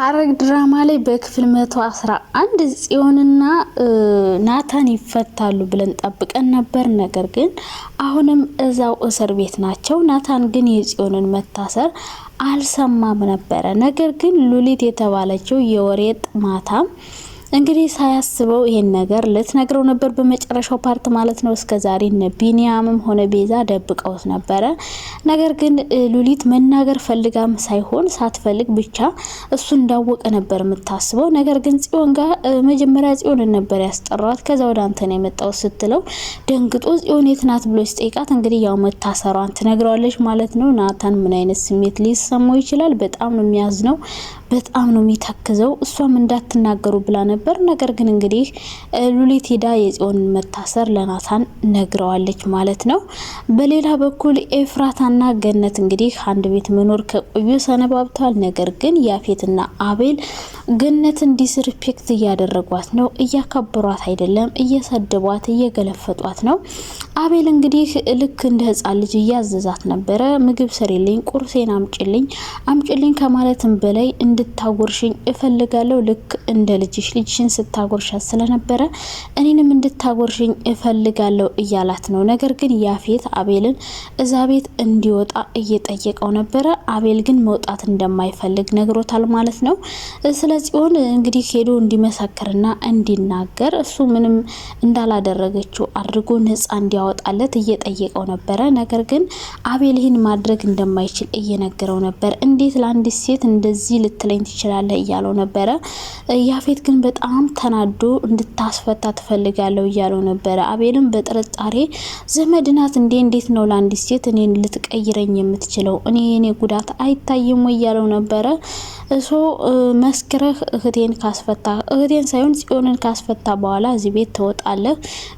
ሐረግ ድራማ ላይ በክፍል 111 ጽዮንና ናታን ይፈታሉ ብለን ጠብቀን ነበር። ነገር ግን አሁንም እዛው እስር ቤት ናቸው። ናታን ግን የጽዮንን መታሰር አልሰማም ነበረ። ነገር ግን ሉሊት የተባለችው የወሬጥ ማታ እንግዲህ ሳያስበው ይሄን ነገር ልትነግረው ነበር በመጨረሻው ፓርት ማለት ነው። እስከ ዛሬ እነ ቢኒያምም ሆነ ቤዛ ደብቀውት ነበረ። ነገር ግን ሉሊት መናገር ፈልጋም ሳይሆን ሳትፈልግ ብቻ እሱ እንዳወቀ ነበር የምታስበው። ነገር ግን ጽዮን ጋር መጀመሪያ ጽዮንን ነበር ያስጠሯት። ከዛ ወደ አንተ ነው የመጣው ስትለው ደንግጦ ጽዮን የት ናት ብሎ ሲጠይቃት እንግዲህ ያው መታሰሯን ትነግረዋለች ማለት ነው። ናታን ምን አይነት ስሜት ሊሰማው ይችላል? በጣም ነው የሚያዝ ነው። በጣም ነው የሚታክዘው። እሷም እንዳትናገሩ ብላ ነበር። ነገር ግን እንግዲህ ሉሊት ሄዳ የጽዮን መታሰር ለናታን ነግረዋለች ማለት ነው። በሌላ በኩል ኤፍራታና ገነት እንግዲህ አንድ ቤት መኖር ከቆዩ ሰነባብተዋል። ነገር ግን ያፌትና አቤል ገነትን ዲስሪስፔክት እያደረጓት ነው፣ እያከበሯት አይደለም፣ እየሰደቧት እየገለፈጧት ነው። አቤል እንግዲህ ልክ እንደ ህፃን ልጅ እያዘዛት ነበረ። ምግብ ስሪልኝ፣ ቁርሴን አምጭልኝ አምጭልኝ ከማለትም በላይ እንድታጎርሽኝ እፈልጋለሁ። ልክ እንደ ልጅሽ ልጅሽን ስታጎርሻት ስለነበረ እኔንም እንድታጎርሽኝ እፈልጋለሁ እያላት ነው። ነገር ግን ያፌት አቤልን እዛ ቤት እንዲወጣ እየጠየቀው ነበረ። አቤል ግን መውጣት እንደማይፈልግ ነግሮታል ማለት ነው። ስለ ጽዮን እንግዲህ ሄዶ እንዲመሰክርና እንዲናገር እሱ ምንም እንዳላደረገችው አድርጎ ነጻ እንዲያወ እንዲያወጣለት እየጠየቀው ነበረ። ነገር ግን አቤል ይህን ማድረግ እንደማይችል እየነገረው ነበር። እንዴት ለአንዲት ሴት እንደዚህ ልትለኝ ትችላለህ? እያለው ነበረ። ያፌት ግን በጣም ተናዶ እንድታስፈታ ትፈልጋለሁ እያለው ነበረ። አቤልም በጥርጣሬ ዘመድ ናት እንዴ? እንዴት ነው ለአንዲት ሴት እኔን ልትቀይረኝ የምትችለው? እኔ የኔ ጉዳት አይታይም ወይ እያለው ነበረ እሶ መስክረህ እህቴን ካስፈታ እህቴን ሳይሆን ጽዮንን ካስፈታ በኋላ እዚህ ቤት ትወጣለህ፣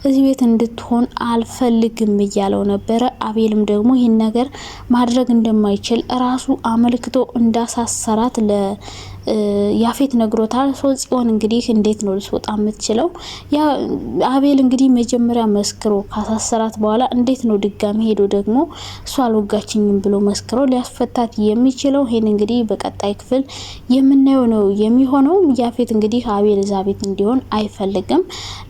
እዚህ ቤት እንድትሆን አልፈልግም እያለው ነበረ። አቤልም ደግሞ ይህን ነገር ማድረግ እንደማይችል ራሱ አመልክቶ እንዳሳሰራት ለ ያፌት ነግሮታል። ሶ ጽዮን እንግዲህ እንዴት ነው ልትወጣ የምትችለው? ያ አቤል እንግዲህ መጀመሪያ መስክሮ ካሳሰራት በኋላ እንዴት ነው ድጋሚ ሄዶ ደግሞ እሷ አልወጋችኝም ብሎ መስክሮ ሊያስፈታት የሚችለው? ይሄን እንግዲህ በቀጣይ ክፍል የምናየው ነው የሚሆነው። ያፌት እንግዲህ አቤል እዛ ቤት እንዲሆን አይፈልግም።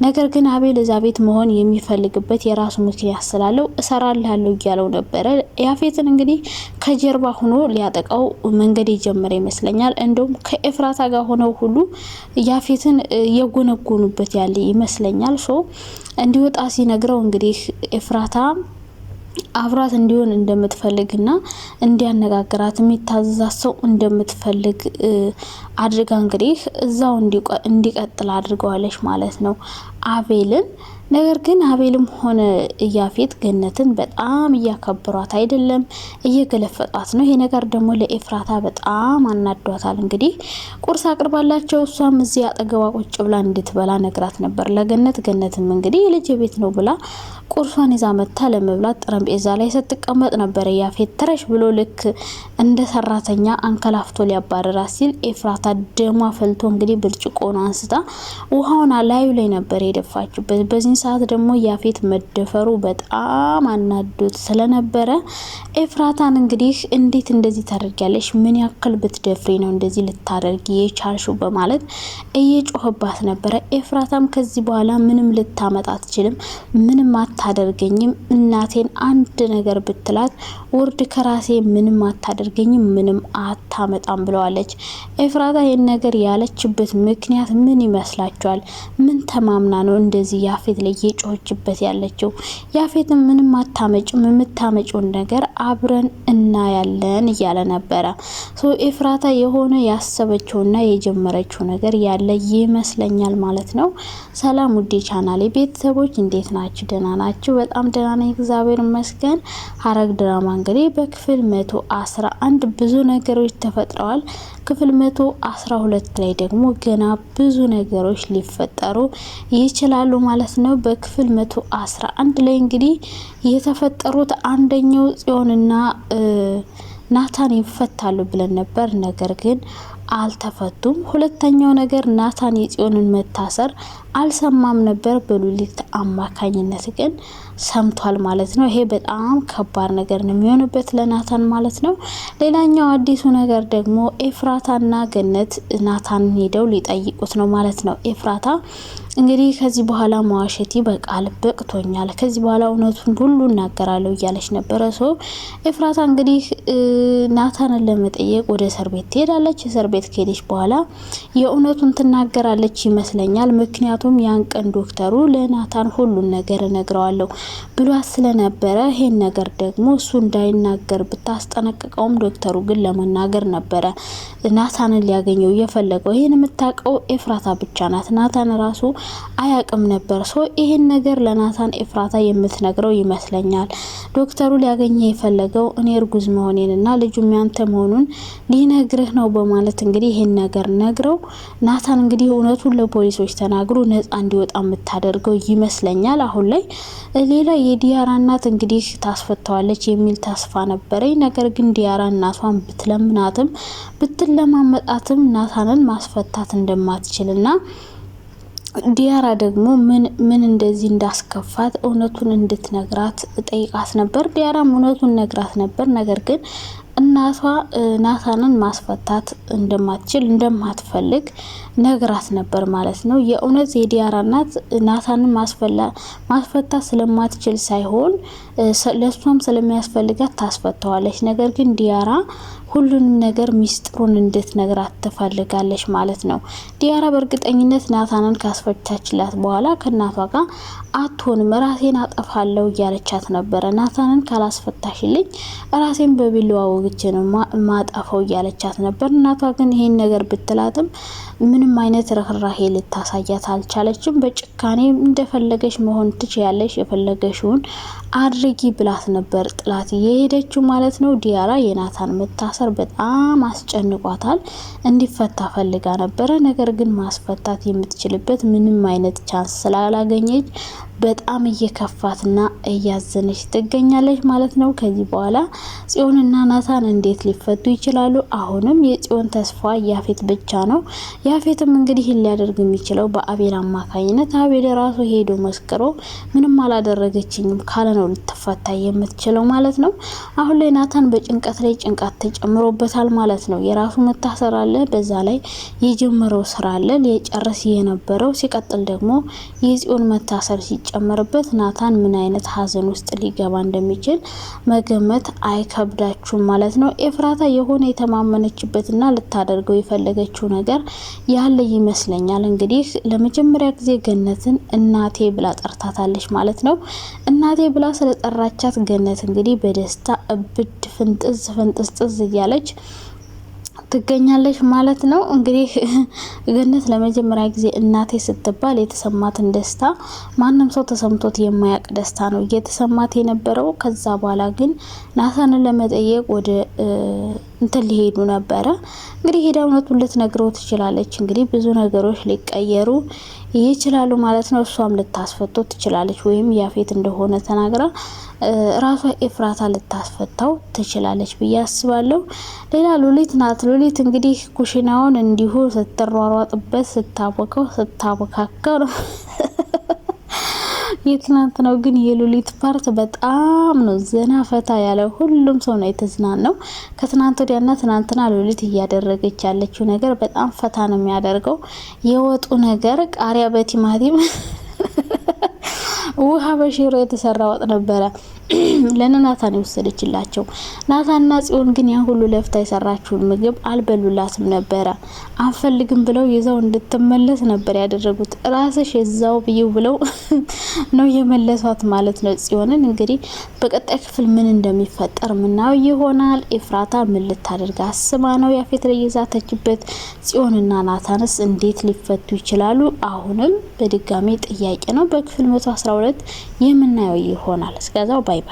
ነገር ግን አቤል እዛ ቤት መሆን የሚፈልግበት የራሱ ምክንያት ስላለው እሰራልሃለሁ እያለው ነበረ። ያፌትን እንግዲህ ከጀርባ ሆኖ ሊያጠቃው መንገድ የጀመረ ይመስለኛል እንደውም ከኤፍራታ ጋር ሆነው ሁሉ ያፌትን የጎነጎኑበት ያለ ይመስለኛል። ሶ እንዲወጣ ሲነግረው እንግዲህ ኤፍራታ አብራት እንዲሆን እንደምትፈልግና እንዲያነጋግራት የሚታዘዛት ሰው እንደምትፈልግ አድርጋ እንግዲህ እዛው እንዲቀጥል አድርገዋለች ማለት ነው አቤልን ነገር ግን አቤልም ሆነ እያፌት ገነትን በጣም እያከብሯት አይደለም፣ እየገለፈጧት ነው። ይሄ ነገር ደግሞ ለኤፍራታ በጣም አናዷታል። እንግዲህ ቁርስ አቅርባላቸው እሷም እዚህ አጠገቧ ቁጭ ብላ እንድትበላ ነግራት ነበር ለገነት። ገነትም እንግዲህ የልጅ ቤት ነው ብላ ቁርሷን ይዛ መታ ለመብላት ጠረጴዛ ላይ ስትቀመጥ ነበር እያፌት ተረሽ ብሎ ልክ እንደ ሰራተኛ አንከላፍቶ ሊያባረራት ሲል ኤፍራታ ደሟ ፈልቶ እንግዲህ ብርጭቆን አንስታ ውሃውን ላዩ ላይ ነበር የደፋችበት በዚህ ሰዓት ደግሞ ያፌት መደፈሩ በጣም አናዶት ስለነበረ ኤፍራታን እንግዲህ እንዴት እንደዚህ ታደርጊያለሽ? ምን ያክል ብትደፍሪ ነው እንደዚህ ልታደርጊ የቻልሽው? በማለት እየጮህባት ነበረ። ኤፍራታም ከዚህ በኋላ ምንም ልታመጣ አትችልም፣ ምንም አታደርገኝም፣ እናቴን አንድ ነገር ብትላት ውርድ ከራሴ ምንም አታደርገኝም፣ ምንም አታመጣም ብለዋለች። ኤፍራታ ይህን ነገር ያለችበት ምክንያት ምን ይመስላችኋል? ምን ተማምና ነው እንደዚህ ያፌት ላይ እየጮችበት ያለችው። ያፌትም ምንም አታመጭም፣ የምታመጭውን ነገር አብረን እናያለን እያለ ነበረ። ኤፍራታ የሆነ ያሰበችውና የጀመረችው ነገር ያለ ይመስለኛል ማለት ነው። ሰላም ውዴ ቻናሌ ቤተሰቦች እንዴት ናችሁ? ደህና ናችሁ? በጣም ደህና ነኝ እግዚአብሔር ይመስገን። ሐረግ ድራማ እንግዲህ በክፍል መቶ አስራ አንድ ብዙ ነገሮች ተፈጥረዋል። ክፍል መቶ አስራ ሁለት ላይ ደግሞ ገና ብዙ ነገሮች ሊፈጠሩ ይችላሉ ማለት ነው። በክፍል መቶ አስራ አንድ ላይ እንግዲህ የተፈጠሩት አንደኛው ጽዮንና ናታን ይፈታሉ ብለን ነበር። ነገር ግን አልተፈቱም። ሁለተኛው ነገር ናታን የጽዮንን መታሰር አልሰማም ነበር፣ በሉሊት አማካኝነት ግን ሰምቷል ማለት ነው። ይሄ በጣም ከባድ ነገር ነው የሚሆንበት ለናታን ማለት ነው። ሌላኛው አዲሱ ነገር ደግሞ ኤፍራታና ገነት ናታን ሄደው ሊጠይቁት ነው ማለት ነው። ኤፍራታ እንግዲህ ከዚህ በኋላ መዋሸት ይበቃል፣ በቅቶኛል፣ ከዚህ በኋላ እውነቱን ሁሉ እናገራለሁ እያለች ነበረ። ሰው ኤፍራታ እንግዲህ ናታንን ለመጠየቅ ወደ እስር ቤት ትሄዳለች። እስር ቤት ቤት ከሄደች በኋላ የእውነቱን ትናገራለች ይመስለኛል። ምክንያቱም ያን ቀን ዶክተሩ ለናታን ሁሉን ነገር እነግረዋለሁ ብሏት ስለነበረ ይሄን ነገር ደግሞ እሱ እንዳይናገር ብታስጠነቅቀውም ዶክተሩ ግን ለመናገር ነበረ ናታንን ሊያገኘው የፈለገው። ይህን የምታውቀው ኤፍራታ ብቻ ናት። ናታን ራሱ አያቅም ነበር። ሶ ይህን ነገር ለናታን ኤፍራታ የምትነግረው ይመስለኛል። ዶክተሩ ሊያገኘ የፈለገው እኔ እርጉዝ መሆኔንና ልጁ ያንተ መሆኑን ሊነግርህ ነው በማለት እንግዲህ ይህን ነገር ነግረው ናታን እንግዲህ እውነቱን ለፖሊሶች ተናግሮ ነጻ እንዲወጣ የምታደርገው ይመስለኛል። አሁን ላይ ሌላ የዲያራ እናት እንግዲህ ታስፈተዋለች የሚል ተስፋ ነበረኝ። ነገር ግን ዲያራ እናቷን ብትለምናትም ብትለማመጣትም ናታንን ማስፈታት እንደማትችልና ዲያራ ደግሞ ምን እንደዚህ እንዳስከፋት እውነቱን እንድትነግራት ጠይቃት ነበር። ዲያራም እውነቱን ነግራት ነበር። ነገር ግን እናቷ ናታንን ማስፈታት እንደማትችል እንደማትፈልግ ነግራት ነበር ማለት ነው። የእውነት የዲያራ እናት ናታንን ማስፈታት ስለማትችል ሳይሆን ለእሷም ስለሚያስፈልጋት ታስፈተዋለች። ነገር ግን ዲያራ ሁሉንም ነገር ሚስጥሩን እንድትነግራት ትፈልጋለች ማለት ነው። ዲያራ በእርግጠኝነት ናታንን ካስፈቻችላት በኋላ ከእናቷ ጋር አትሆንም ራሴን አጠፋለው እያለቻት ነበረ። ናታንን ካላስፈታሽልኝ ራሴን በቢላዋ ወግቼ ነው እያለቻት ነበር። እናቷ ግን ይሄን ነገር ብትላትም ምንም አይነት ርኅራሄ ልታሳያት አልቻለችም። በጭካኔ እንደፈለገች መሆን ትችያለሽ፣ የፈለገሽውን አድርጊ ብላት ነበር ጥላት የሄደችው ማለት ነው። ዲያራ የናታን መታሰ ማሰር በጣም አስጨንቋታል። እንዲፈታ ፈልጋ ነበረ። ነገር ግን ማስፈታት የምትችልበት ምንም አይነት ቻንስ ስላላገኘች በጣም እየከፋትና እያዘነች ትገኛለች ማለት ነው። ከዚህ በኋላ ጽዮንና ናታን እንዴት ሊፈቱ ይችላሉ? አሁንም የጽዮን ተስፋ ያፌት ብቻ ነው። ያፌትም እንግዲህ ሊያደርግ የሚችለው በአቤል አማካኝነት አቤል ራሱ ሄዶ መስክሮ ምንም አላደረገችኝም ካለ ነው ልትፈታ የምትችለው ማለት ነው። አሁን ላይ ናታን በጭንቀት ላይ ጭንቀት ተጨ ጨምሮበታል ማለት ነው። የራሱ መታሰር አለ። በዛ ላይ የጀመረው ስራ አለ ሊጨርስ የነበረው ሲቀጥል ደግሞ የጽዮን መታሰር ሲጨመርበት ናታን ምን አይነት ሀዘን ውስጥ ሊገባ እንደሚችል መገመት አይከብዳችሁም ማለት ነው። ኤፍራታ የሆነ የተማመነችበትና ልታደርገው የፈለገችው ነገር ያለ ይመስለኛል። እንግዲህ ለመጀመሪያ ጊዜ ገነትን እናቴ ብላ ጠርታታለች ማለት ነው። እናቴ ብላ ስለጠራቻት ገነት እንግዲህ በደስታ እብድ ፍንጥዝ ፍንጥዝ ጥዝ እያ እያለች ትገኛለች ማለት ነው። እንግዲህ ገነት ለመጀመሪያ ጊዜ እናቴ ስትባል የተሰማትን ደስታ ማንም ሰው ተሰምቶት የማያውቅ ደስታ ነው እየተሰማት የነበረው። ከዛ በኋላ ግን ናታንን ለመጠየቅ ወደ እንትን ሊሄዱ ነበረ። እንግዲህ ሄዳ እውነቱን ልትነግረው ትችላለች። እንግዲህ ብዙ ነገሮች ሊቀየሩ ይችላሉ ማለት ነው። እሷም ልታስፈቶ ትችላለች፣ ወይም ያፌት እንደሆነ ተናግራ ራሷ ኤፍራታ ልታስፈታው ትችላለች ብዬ አስባለሁ። ሌላ ሉሊት ናት። ሉሊት እንግዲህ ኩሽናውን እንዲሁ ስትሯሯጥበት ስታቦከው ስታቦካከው ነው ነው ግን የሉሊት ፓርት በጣም ነው ዘና ፈታ ያለ። ሁሉም ሰው ነው የተዝናናው። ከትናንት ወዲያና ትናንትና ሉሊት እያደረገች ያለችው ነገር በጣም ፈታ ነው የሚያደርገው። የወጡ ነገር ቃሪያ በቲማቲም ውሃ በሽሮ የተሰራ ወጥ ነበረ። ለነናታን የወሰደችላቸው። ናታንና ጽዮን ግን ያ ሁሉ ለፍታ የሰራችውን ምግብ አልበሉላትም ነበረ። አንፈልግም ብለው ይዘው እንድትመለስ ነበር ያደረጉት። ራስሽ የዛው ብይው ብለው ነው የመለሷት ማለት ነው። ጽዮንን እንግዲህ በቀጣይ ክፍል ምን እንደሚፈጠር ምናው ይሆናል። ኤፍራታ ምን ልታደርግ አስባ ነው ያፌት ላይ የዛተችበት? ጽዮንና ናታንስ እንዴት ሊፈቱ ይችላሉ? አሁንም በድጋሚ ጥያቄ ነው። በክፍል 112 የምናየው ይሆናል። እስከዛው ባይ ባይ።